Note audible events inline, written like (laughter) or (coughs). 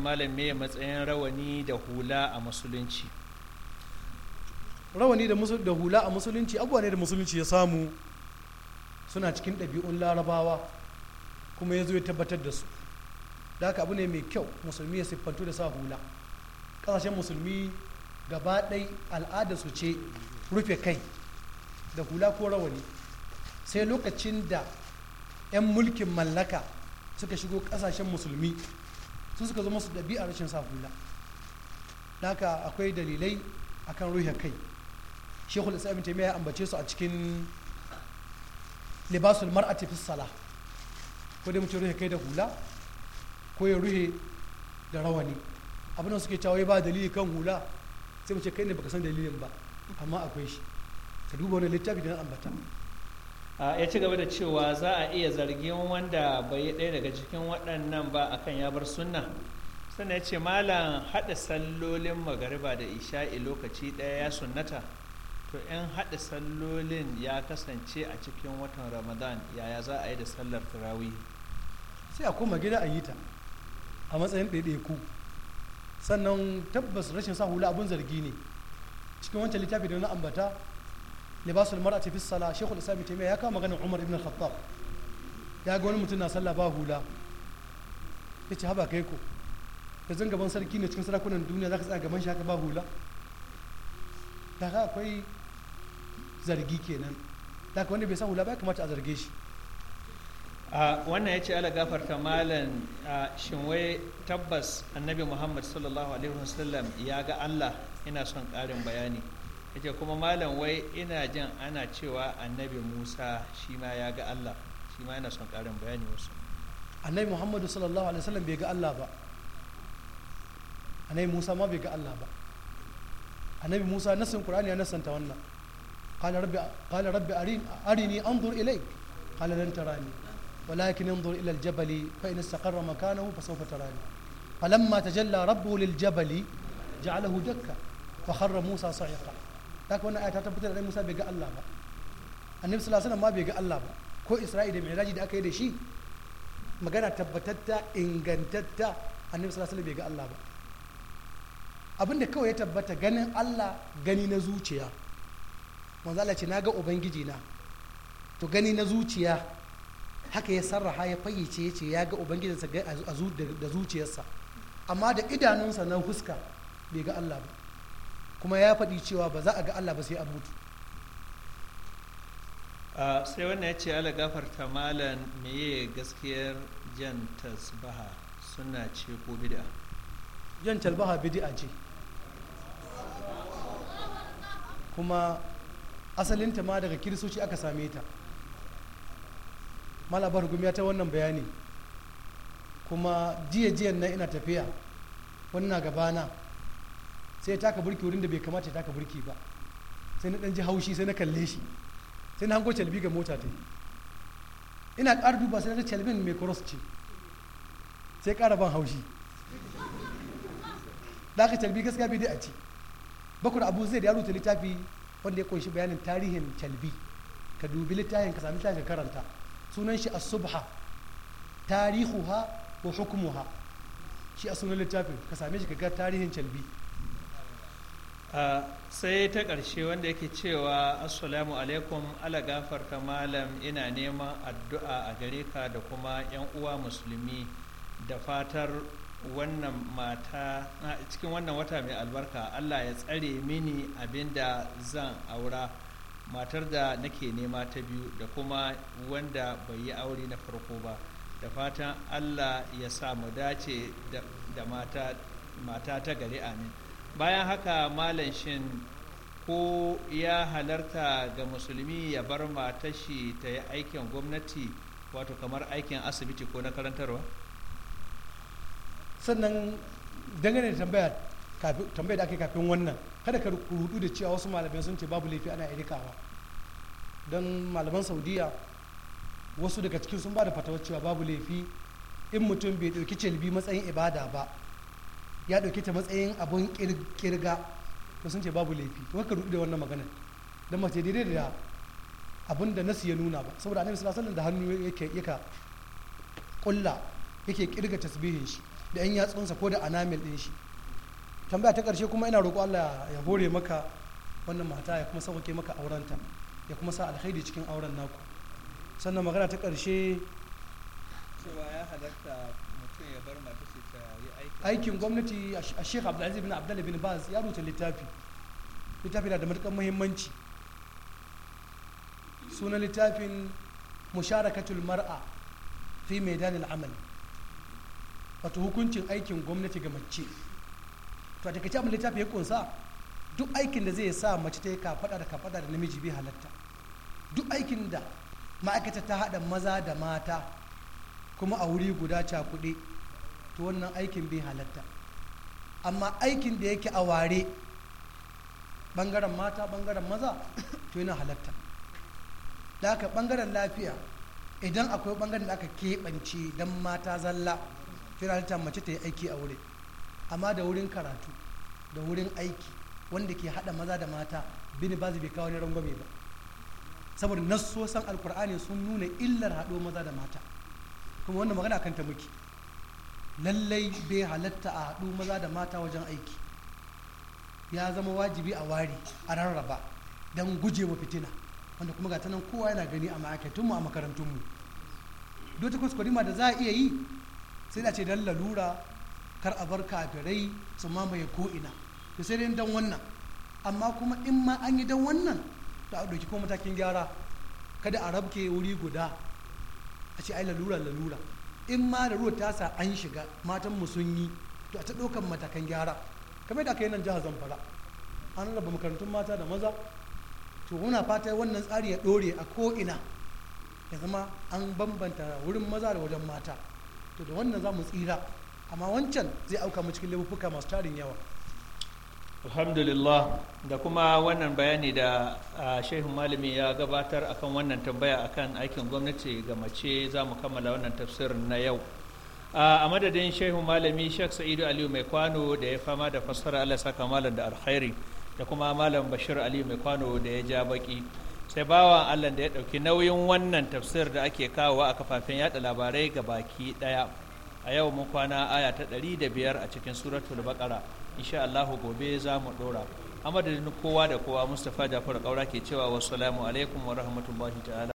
malam me matsayin rawani da hula a musulunci rawani da hula a musulunci abuwa ne da musulunci ya samu suna cikin ɗabi'un larabawa kuma ya zo ya tabbatar da su da haka abu ne mai kyau musulmi ya siffantu da sa hula ƙasashen musulmi gaba ɗai al'ada su ce rufe kai da hula ko rawani sai lokacin da 'yan mulkin mallaka suka shigo ƙasashen musulmi Sun suka zama su ɗabi'a rashin sa hula haka akwai dalilai akan ruhe kai shekul islam ibn ya ambace su a cikin libasul mar'ati fi sala ko dai mutum ruhe kai da hula ko ya ruhe da rawani abin da suke cewa ba dalili kan hula sai mu ce kai ne baka san dalilin ba amma akwai shi ka duba wani littafi da na ambata ya ci gaba da cewa za a iya zargin wanda bai ɗaya daga cikin waɗannan ba akan ya bar sunna sannan ya ce malam haɗa sallolin magariba da isha'i lokaci ɗaya ya sunnata to in haɗa sallolin ya kasance a cikin watan ramadan yaya za a yi da sallar turawi sai a koma gida a yi ta a matsayin ɗaiɗaiku sannan tabbas rashin sa hula abun zargi ne cikin wancan littafi da na ambata libasul mar'ati fi salah shaykhul islam ibn taymiya ya kama maganin umar ibn al ya ga wani mutum na sallah ba hula ya ce haba kai ko da zan gaban sarki ne cikin sarakunan duniya za ka tsaya gaban shi haka ba hula da haka akwai zargi kenan da bai sa hula ba ya kamata a zarge shi wannan ya ce ala gafarta malam shin tabbas annabi muhammad sallallahu alaihi wasallam ya ga allah ina son ƙarin bayani yace kuma malam wai ina jin ana cewa annabi musa shi ma ya ga allah shi ma yana son karin bayani wasu annabi muhammadu sallallahu alaihi wasallam bai ga allah ba annabi musa ma bai ga allah ba annabi musa nasin qur'ani ya nasanta wannan qala rabbi qala rabbi arini arini anzur ilayk qala lan tarani ولكن انظر إلى الجبل فإن استقر مكانه فسوف تراني فلما تجلى ربه للجبل جعله دكا فخر موسى صعقا kaka wannan ayata ta fitar da Musa bai ga Allah ba annabi sallallahu alaihi wasallam ma bai ga Allah ba ko Isra'ila da Mi'raji da aka yi da shi magana tabbatatta ingantatta annabi sallallahu alaihi bai ga Allah ba abinda kawai ya tabbata ganin Allah gani na zuciya manzo Allah ce na ga ubangiji na to gani na zuciya haka ya sarraha ya fayyace ya ce ya ga ubangijinsa da zuciyarsa amma da idanunsa na huska bai ga Allah ba kuma ya faɗi cewa ba za a ga Allah ba sai a mutu sai wannan ya ce ala gafarta malan meye gaskiyar jan tasbaha suna ce ko bid'a jan talbaha bid'a ce kuma asalinta ma daga kirisoci aka same ta malabar gumi ta wannan bayani kuma jiya jiyan nan ina tafiya wannan gabana sai ya taka burki wurin da bai kamata ya taka burki ba sai na ɗan ji haushi sai na kalle shi sai na hango calbi ga mota ta ina ƙara duba sai na calbin mai cross ce sai ƙara ban haushi da aka calbi gaskiya bai dai a ci bakwai abu zai da ya rubuta littafi wanda ya kunshi bayanin tarihin calbi ka dubi littafin ka sami littafin ka karanta sunan shi as-subha tarihuha ko hukmuha shi a sunan littafin ka same shi ka ga tarihin calbi sai ta ƙarshe wanda yake cewa assalamu alaikum ala gafarta malam ina neman addu'a a gare ka da kuma 'yan uwa musulmi da fatar wannan mata cikin wannan wata mai albarka allah ya tsare mini abinda zan aura matar da nake nema ta biyu da kuma wanda bai yi aure na farko ba da fatan allah ya sa mu dace da mata ta gari amin bayan haka malam shin ko ya halarta ga musulmi ya bar matashi ta yi aikin gwamnati wato kamar aikin asibiti ko na karantarwa sannan dangane da tambaya da ake kafin wannan kada ka rudu da cewa wasu malamai sun ce babu laifi ana irikawa don malaman saudiya wasu daga cikin sun ba da fatawar cewa babu laifi in mutum bai ɗauki celibi matsayin ibada ba ya ɗauke ta matsayin abun kirga to sun ce babu laifi to ka rudu da wannan maganar don mace daidai da abin da nasu ya nuna ba saboda annabi sallallahu alaihi da hannu yake yaka kulla yake kirga tasbihin shi da yan yatsunsa ko da anamil din shi tambaya ta karshe kuma ina roƙo Allah ya hore maka wannan mata ya kuma sauke maka aurenta ya kuma sa alkhairi cikin auren naku sannan magana ta karshe cewa ya halatta mutum ya bar mata ta aikin gwamnati a sheikh abdulaziz bin abdullah bin baz ya rute littafi littafi na da matukan muhimmanci sunan littafin musharakatul mar'a fi maidanil amal wato hukuncin aikin gwamnati ga mace to a takaice abin littafi ya kunsa duk aikin da zai sa mace ta yi kafada da kafada da namiji bi halatta duk aikin da ma'aikata ta haɗa maza da mata kuma a wuri guda cakuɗe to wannan aikin bai halatta amma aikin da yake a ware ɓangaren mata ɓangaren maza (coughs) to yana halatta da aka bangaren lafiya idan akwai ɓangaren da aka keɓance don mata zalla fira halitta mace ta yi aiki a wurin amma da wurin karatu da wurin aiki wanda ke haɗa maza da mata bini ba bai kawo ne rangwame ba saboda nassosan alkur'ani sun nuna illar haɗo maza da mata kuma wannan magana kan ta muke lallai bai halatta a haɗu maza da mata wajen aiki ya zama wajibi a wari a rarraba don gujewa fitina wanda kuma gata nan kowa yana gani a ma'aikatunmu a makarantunmu dota kuskurima da za a iya yi sai da ce don lalura kar a bar kafirai su mamaye ko'ina da sai dai don wannan amma kuma in ma an yi don wannan to a ɗauki ko matakin gyara kada a rabke wuri guda a ce ai lalura lalura in ma da ruwa ta sa an shiga matan mu sun yi to a ta ɗaukan matakan gyara kamar da aka yi nan jihar zamfara an raba makarantun mata da maza to muna fata wannan tsari ya ɗore a ko'ina ya zama an bambanta wurin maza da wajen mata to da wannan za mu tsira amma wancan zai auka mu cikin laifuka masu tarin yawa alhamdulillah da kuma wannan bayani da shehu malami ya gabatar akan wannan tambaya akan aikin gwamnati ga mace za mu kammala wannan tafsirin na yau a madadin shehun malami shek sa'idu aliyu mai kwano da ya fama da fassara allah saka malam da alkhairi da kuma malam bashir aliyu mai kwano da ya ja baki sai bawa allah da ya ɗauki nauyin wannan tafsir da ake kawowa a kafafen yada labarai ga baki ɗaya a yau mun kwana aya ta ɗari da biyar a cikin suratul baƙara insha allahu gobe za mu dora amadadin kowa da kowa Mustapha Jafar Kaura ke cewa salamu alaikum wa rahmatullahi ta'ala